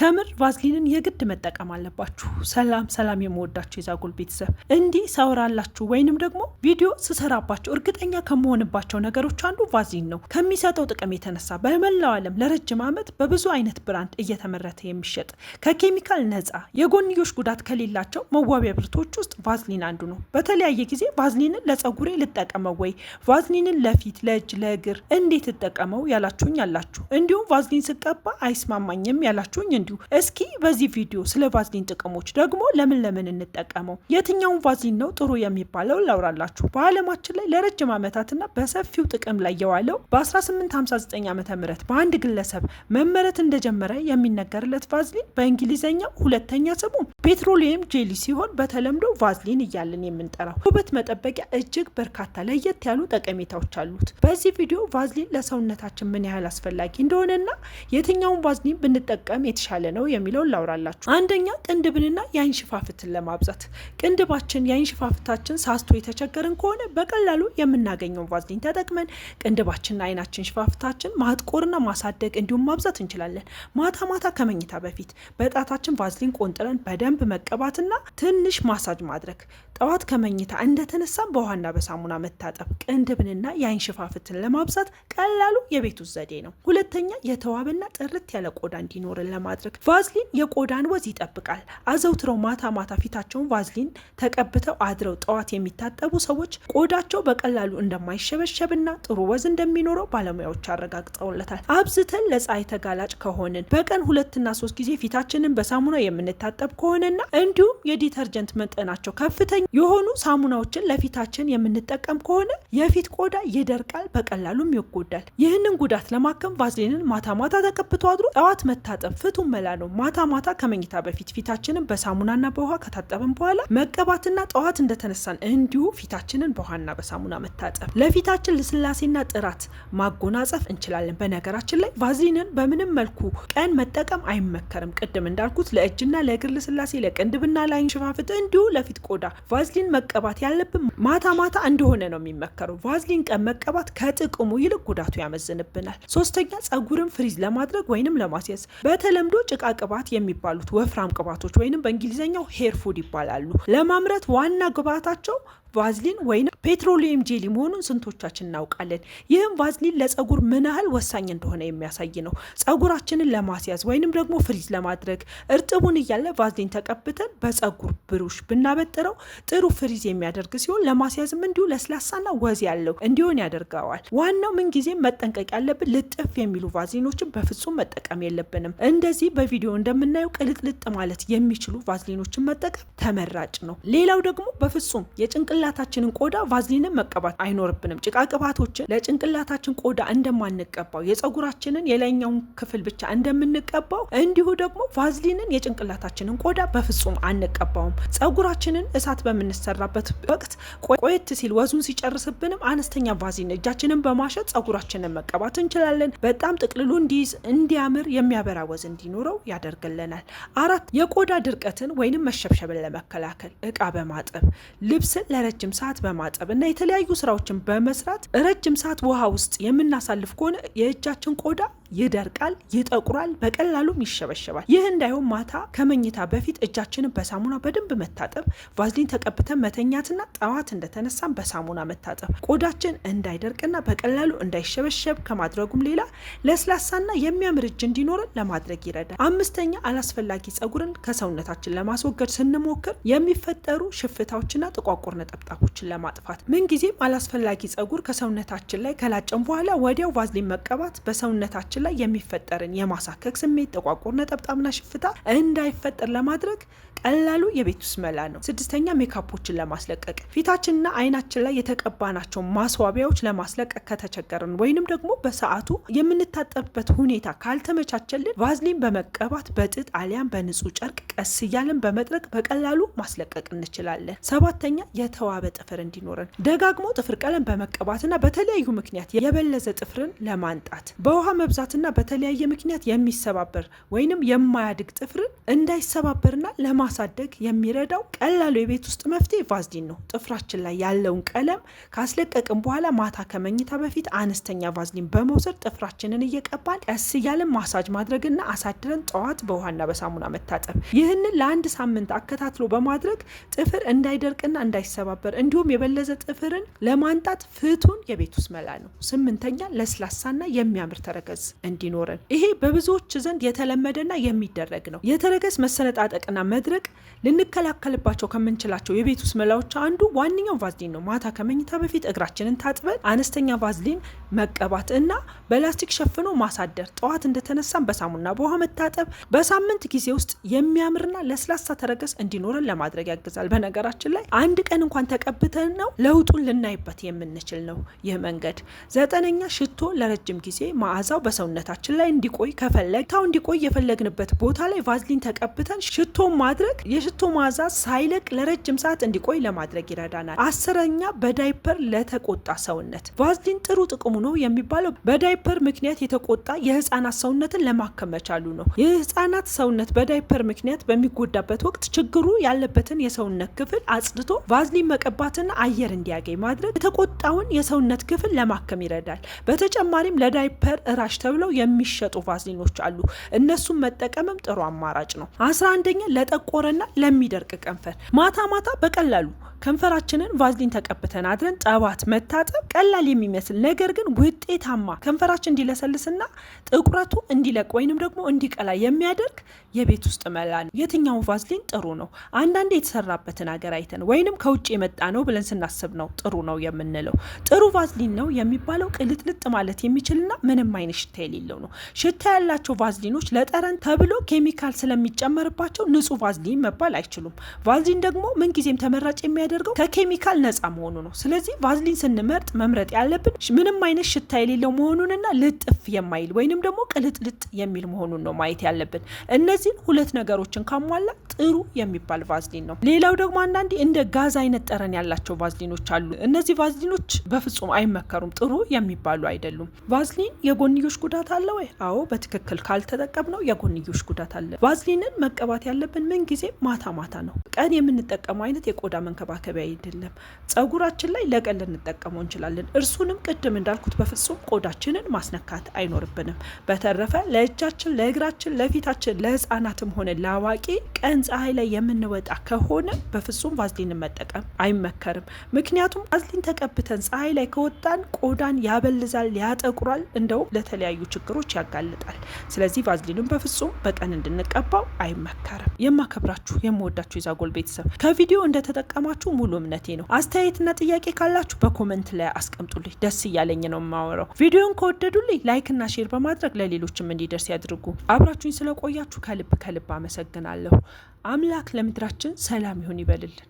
ከምር ቫዝሊንን የግድ መጠቀም አለባችሁ። ሰላም ሰላም፣ የምወዳችሁ የዛጉል ቤተሰብ እንዲህ ሰውራላችሁ ወይንም ደግሞ ቪዲዮ ስሰራባቸው እርግጠኛ ከመሆንባቸው ነገሮች አንዱ ቫዝሊን ነው። ከሚሰጠው ጥቅም የተነሳ በመላው ዓለም ለረጅም ዓመት በብዙ አይነት ብራንድ እየተመረተ የሚሸጥ ከኬሚካል ነፃ የጎንዮሽ ጉዳት ከሌላቸው መዋቢያ ብርቶች ውስጥ ቫዝሊን አንዱ ነው። በተለያየ ጊዜ ቫዝሊንን ለጸጉሬ ልጠቀመው ወይ ቫዝሊንን ለፊት ለእጅ፣ ለእግር እንዴት ትጠቀመው ያላችሁኝ አላችሁ። እንዲሁም ቫዝሊን ስቀባ አይስማማኝም ያላችሁኝ እንዲሁ እስኪ በዚህ ቪዲዮ ስለ ቫዝሊን ጥቅሞች ደግሞ ለምን ለምን እንጠቀመው የትኛውን ቫዝሊን ነው ጥሩ የሚባለው ላውራላችሁ። በዓለማችን ላይ ለረጅም ዓመታትና በሰፊው ጥቅም ላይ የዋለው በ1859 ዓ ም በአንድ ግለሰብ መመረት እንደጀመረ የሚነገርለት ቫዝሊን በእንግሊዝኛ ሁለተኛ ስሙ ፔትሮሊየም ጄሊ ሲሆን በተለምዶ ቫዝሊን እያለን የምንጠራው ውበት መጠበቂያ እጅግ በርካታ ለየት ያሉ ጠቀሜታዎች አሉት። በዚህ ቪዲዮ ቫዝሊን ለሰውነታችን ምን ያህል አስፈላጊ እንደሆነና የትኛውን ቫዝሊን ብንጠቀም የተሻለ ነው የሚለውን ላውራላችሁ። አንደኛ ቅንድብንና የአይን ሽፋፍትን ለማብዛት ቅንድባችን የአይን ሽፋፍታችን ሳስቶ የተቸገርን ከሆነ በቀላሉ የምናገኘውን ቫዝሊን ተጠቅመን ቅንድባችንና አይናችን ሽፋፍታችን ማጥቆርና ማሳደግ እንዲሁም ማብዛት እንችላለን። ማታ ማታ ከመኝታ በፊት በጣታችን ቫዝሊን ቆንጥረን በደንብ በደንብ መቀባትና ትንሽ ማሳጅ ማድረግ፣ ጠዋት ከመኝታ እንደተነሳ በውሃና በሳሙና መታጠብ ቅንድብንና የአይን ሽፋፍትን ለማብዛት ቀላሉ የቤት ውስጥ ዘዴ ነው። ሁለተኛ የተዋበና ጥርት ያለ ቆዳ እንዲኖርን ለማድረግ ቫዝሊን የቆዳን ወዝ ይጠብቃል። አዘውትረው ማታ ማታ ፊታቸውን ቫዝሊን ተቀብተው አድረው ጠዋት የሚታጠቡ ሰዎች ቆዳቸው በቀላሉ እንደማይሸበሸብና ጥሩ ወዝ እንደሚኖረው ባለሙያዎች አረጋግጠውለታል። አብዝተን ለፀሐይ ተጋላጭ ከሆንን በቀን ሁለትና ሶስት ጊዜ ፊታችንን በሳሙና የምንታጠብ ከሆነ መጠንና እንዲሁም የዲተርጀንት መጠናቸው ከፍተኛ የሆኑ ሳሙናዎችን ለፊታችን የምንጠቀም ከሆነ የፊት ቆዳ ይደርቃል፣ በቀላሉም ይጎዳል። ይህንን ጉዳት ለማከም ቫዝሊንን ማታ ማታ ተቀብቶ አድሮ ጠዋት መታጠብ ፍቱን መላ ነው። ማታ ማታ ከመኝታ በፊት ፊታችንን በሳሙናና በውሃ ከታጠብን በኋላ መቀባትና ጠዋት እንደተነሳን እንዲሁ ፊታችንን በውሃና በሳሙና መታጠብ ለፊታችን ልስላሴና ጥራት ማጎናጸፍ እንችላለን። በነገራችን ላይ ቫዝሊንን በምንም መልኩ ቀን መጠቀም አይመከርም። ቅድም እንዳልኩት ለእጅና ለእግር ልስላሴ እንቅስቃሴ ለቅንድብና ላይን ሽፋፍት እንዲሁ ለፊት ቆዳ ቫዝሊን መቀባት ያለብን ማታ ማታ እንደሆነ ነው የሚመከረው። ቫዝሊን ቀን መቀባት ከጥቅሙ ይልቅ ጉዳቱ ያመዝንብናል። ሶስተኛ ጸጉርን ፍሪዝ ለማድረግ ወይንም ለማስያዝ በተለምዶ ጭቃ ቅባት የሚባሉት ወፍራም ቅባቶች ወይንም በእንግሊዝኛው ሄር ፉድ ይባላሉ። ለማምረት ዋና ግባታቸው ቫዝሊን ወይም ፔትሮሊየም ጄሊ መሆኑን ስንቶቻችን እናውቃለን? ይህም ቫዝሊን ለጸጉር ምን ያህል ወሳኝ እንደሆነ የሚያሳይ ነው። ጸጉራችንን ለማስያዝ ወይንም ደግሞ ፍሪዝ ለማድረግ እርጥቡን እያለ ቫዝሊን ተቀብተን በጸጉር ብሩሽ ብናበጥረው ጥሩ ፍሪዝ የሚያደርግ ሲሆን ለማስያዝም እንዲሁ ለስላሳና ወዝ ያለው እንዲሆን ያደርገዋል። ዋናው ምንጊዜም መጠንቀቅ ያለብን ልጥፍ የሚሉ ቫዝሊኖችን በፍጹም መጠቀም የለብንም። እንደዚህ በቪዲዮ እንደምናየው ቅልጥልጥ ማለት የሚችሉ ቫዝሊኖችን መጠቀም ተመራጭ ነው። ሌላው ደግሞ በፍጹም የጭንቅ የጭንቅላታችንን ቆዳ ቫዝሊንን መቀባት አይኖርብንም። ጭቃ ቅባቶችን ለጭንቅላታችን ቆዳ እንደማንቀባው የፀጉራችንን የላይኛውን ክፍል ብቻ እንደምንቀባው እንዲሁ ደግሞ ቫዝሊንን የጭንቅላታችንን ቆዳ በፍጹም አንቀባውም። ፀጉራችንን እሳት በምንሰራበት ወቅት ቆየት ሲል ወዙን ሲጨርስብንም አነስተኛ ቫዝሊን እጃችንን በማሸት ፀጉራችንን መቀባት እንችላለን። በጣም ጥቅልሉ እንዲይዝ እንዲያምር፣ የሚያበራ ወዝ እንዲኖረው ያደርግልናል። አራት የቆዳ ድርቀትን ወይንም መሸብሸብን ለመከላከል እቃ በማጠብ ልብስን ረጅም ሰዓት በማጠብ እና የተለያዩ ስራዎችን በመስራት ረጅም ሰዓት ውሃ ውስጥ የምናሳልፍ ከሆነ የእጃችን ቆዳ ይደርቃል፣ ይጠቁራል፣ በቀላሉም ይሸበሸባል። ይህ እንዳይሆን ማታ ከመኝታ በፊት እጃችንን በሳሙና በደንብ መታጠብ፣ ቫዝሊን ተቀብተን መተኛትና ጠዋት እንደተነሳን በሳሙና መታጠብ ቆዳችን እንዳይደርቅና በቀላሉ እንዳይሸበሸብ ከማድረጉም ሌላ ለስላሳና የሚያምር እጅ እንዲኖረን ለማድረግ ይረዳል። አምስተኛ አላስፈላጊ ጸጉርን ከሰውነታችን ለማስወገድ ስንሞክር የሚፈጠሩ ሽፍታዎችና ጥቋቁር ነጠብጣቦችን ለማጥፋት ምንጊዜም አላስፈላጊ ጸጉር ከሰውነታችን ላይ ከላጨን በኋላ ወዲያው ቫዝሊን መቀባት በሰውነታችን በቆዳችን ላይ የሚፈጠርን የማሳከክ ስሜት፣ ጠቋቁር ነጠብጣብና ሽፍታ እንዳይፈጠር ለማድረግ ቀላሉ የቤት ውስጥ መላ ነው። ስድስተኛ ሜካፖችን ለማስለቀቅ ፊታችንና አይናችን ላይ የተቀባናቸውን ማስዋቢያዎች ለማስለቀቅ ከተቸገርን ወይንም ደግሞ በሰዓቱ የምንታጠብበት ሁኔታ ካልተመቻቸልን ቫዝሊን በመቀባት በጥጥ አሊያም በንጹህ ጨርቅ ቀስ እያለን በመጥረግ በቀላሉ ማስለቀቅ እንችላለን። ሰባተኛ የተዋበ ጥፍር እንዲኖረን ደጋግሞ ጥፍር ቀለም በመቀባትና በተለያዩ ምክንያት የበለዘ ጥፍርን ለማንጣት በውሃ መብዛት መጎዳትና በተለያየ ምክንያት የሚሰባበር ወይንም የማያድግ ጥፍርን እንዳይሰባበርና ለማሳደግ የሚረዳው ቀላሉ የቤት ውስጥ መፍትሄ ቫዝሊን ነው። ጥፍራችን ላይ ያለውን ቀለም ካስለቀቅን በኋላ ማታ ከመኝታ በፊት አነስተኛ ቫዝሊን በመውሰድ ጥፍራችንን እየቀባን ቀስ እያለን ማሳጅ ማድረግና አሳድረን ጠዋት በውሃና በሳሙና መታጠብ። ይህንን ለአንድ ሳምንት አከታትሎ በማድረግ ጥፍር እንዳይደርቅና እንዳይሰባበር እንዲሁም የበለዘ ጥፍርን ለማንጣት ፍቱን የቤት ውስጥ መላ ነው። ስምንተኛ ለስላሳና የሚያምር ተረከዝ እንዲኖረን። ይሄ በብዙዎች ዘንድ የተለመደና የሚደረግ ነው። የተረገዝ መሰነጣጠቅና መድረቅ ልንከላከልባቸው ከምንችላቸው የቤት ውስጥ መላዎች አንዱ ዋነኛው ቫዝሊን ነው። ማታ ከመኝታ በፊት እግራችንን ታጥበን አነስተኛ ቫዝሊን መቀባት እና በላስቲክ ሸፍኖ ማሳደር፣ ጠዋት እንደተነሳን በሳሙና በውሃ መታጠብ በሳምንት ጊዜ ውስጥ የሚያምርና ለስላሳ ተረገዝ እንዲኖረን ለማድረግ ያግዛል። በነገራችን ላይ አንድ ቀን እንኳን ተቀብተን ነው ለውጡን ልናይበት የምንችል ነው ይህ መንገድ። ዘጠነኛ ሽቶ ለረጅም ጊዜ መዓዛው በሰው ሰውነታችን ላይ እንዲቆይ ከፈለግ ታው እንዲቆይ የፈለግንበት ቦታ ላይ ቫዝሊን ተቀብተን ሽቶ ማድረግ የሽቶ መዓዛ ሳይለቅ ለረጅም ሰዓት እንዲቆይ ለማድረግ ይረዳናል። አስረኛ በዳይፐር ለተቆጣ ሰውነት ቫዝሊን ጥሩ ጥቅሙ ነው የሚባለው በዳይፐር ምክንያት የተቆጣ የህፃናት ሰውነትን ለማከም መቻሉ ነው። የህፃናት ሰውነት በዳይፐር ምክንያት በሚጎዳበት ወቅት ችግሩ ያለበትን የሰውነት ክፍል አጽድቶ ቫዝሊን መቀባትና አየር እንዲያገኝ ማድረግ የተቆጣውን የሰውነት ክፍል ለማከም ይረዳል። በተጨማሪም ለዳይፐር እራሽ ተብሎ ተብለው የሚሸጡ ቫዝሊኖች አሉ። እነሱን መጠቀምም ጥሩ አማራጭ ነው። አስራ አንደኛ ለጠቆረና ለሚደርቅ ቀንፈር ማታ ማታ በቀላሉ ከንፈራችንን ቫዝሊን ተቀብተን አድረን ጠባት መታጠብ ቀላል የሚመስል ነገር ግን ውጤታማ ከንፈራችን እንዲለሰልስና ጥቁረቱ እንዲለቅ ወይንም ደግሞ እንዲቀላ የሚያደርግ የቤት ውስጥ መላ ነው። የትኛው ቫዝሊን ጥሩ ነው? አንዳንድ የተሰራበትን ሀገር አይተን ወይንም ከውጭ የመጣ ነው ብለን ስናስብ ነው ጥሩ ነው የምንለው። ጥሩ ቫዝሊን ነው የሚባለው ቅልጥልጥ ማለት የሚችልና ምንም አይነት ሽታ የሌለው ነው። ሽታ ያላቸው ቫዝሊኖች ለጠረን ተብሎ ኬሚካል ስለሚጨመርባቸው ንጹህ ቫዝሊን መባል አይችሉም። ቫዝሊን ደግሞ ምንጊዜም ተመራጭ የሚያ የሚያደርገው ከኬሚካል ነፃ መሆኑ ነው። ስለዚህ ቫዝሊን ስንመርጥ መምረጥ ያለብን ምንም አይነት ሽታ የሌለው መሆኑንና ልጥፍ የማይል ወይንም ደግሞ ቅልጥልጥ የሚል መሆኑን ነው ማየት ያለብን። እነዚህን ሁለት ነገሮችን ካሟላ ጥሩ የሚባል ቫዝሊን ነው። ሌላው ደግሞ አንዳንዴ እንደ ጋዝ አይነት ጠረን ያላቸው ቫዝሊኖች አሉ። እነዚህ ቫዝሊኖች በፍጹም አይመከሩም፣ ጥሩ የሚባሉ አይደሉም። ቫዝሊን የጎንዮሽ ጉዳት አለ ወይ? አዎ፣ በትክክል ካልተጠቀምነው የጎንዮሽ ጉዳት አለ። ቫዝሊንን መቀባት ያለብን ምን ጊዜ ማታ ማታ ነው። ቀን የምንጠቀመው አይነት የቆዳ መንከባ መንከባከቢያ አይደለም። ጸጉራችን ላይ ለቀን ልንጠቀመው እንችላለን። እርሱንም ቅድም እንዳልኩት በፍጹም ቆዳችንን ማስነካት አይኖርብንም። በተረፈ ለእጃችን፣ ለእግራችን፣ ለፊታችን ለህፃናትም ሆነ ለአዋቂ ቀን ፀሐይ ላይ የምንወጣ ከሆነ በፍጹም ቫዝሊን መጠቀም አይመከርም። ምክንያቱም ቫዝሊን ተቀብተን ፀሐይ ላይ ከወጣን ቆዳን ያበልዛል፣ ያጠቁራል፣ እንደውም ለተለያዩ ችግሮች ያጋልጣል። ስለዚህ ቫዝሊንን በፍጹም በቀን እንድንቀባው አይመከርም። የማከብራችሁ የምወዳችሁ የዛጎል ቤተሰብ ከቪዲዮ እንደተጠቀማችሁ እንደምትችሉ ሙሉ እምነቴ ነው። አስተያየትና ጥያቄ ካላችሁ በኮመንት ላይ አስቀምጡልኝ። ደስ እያለኝ ነው የማወራው። ቪዲዮን ከወደዱልኝ ላይክና ሼር በማድረግ ለሌሎችም እንዲደርስ ያድርጉ። አብራችሁኝ ስለቆያችሁ ከልብ ከልብ አመሰግናለሁ። አምላክ ለምድራችን ሰላም ይሁን ይበልልን።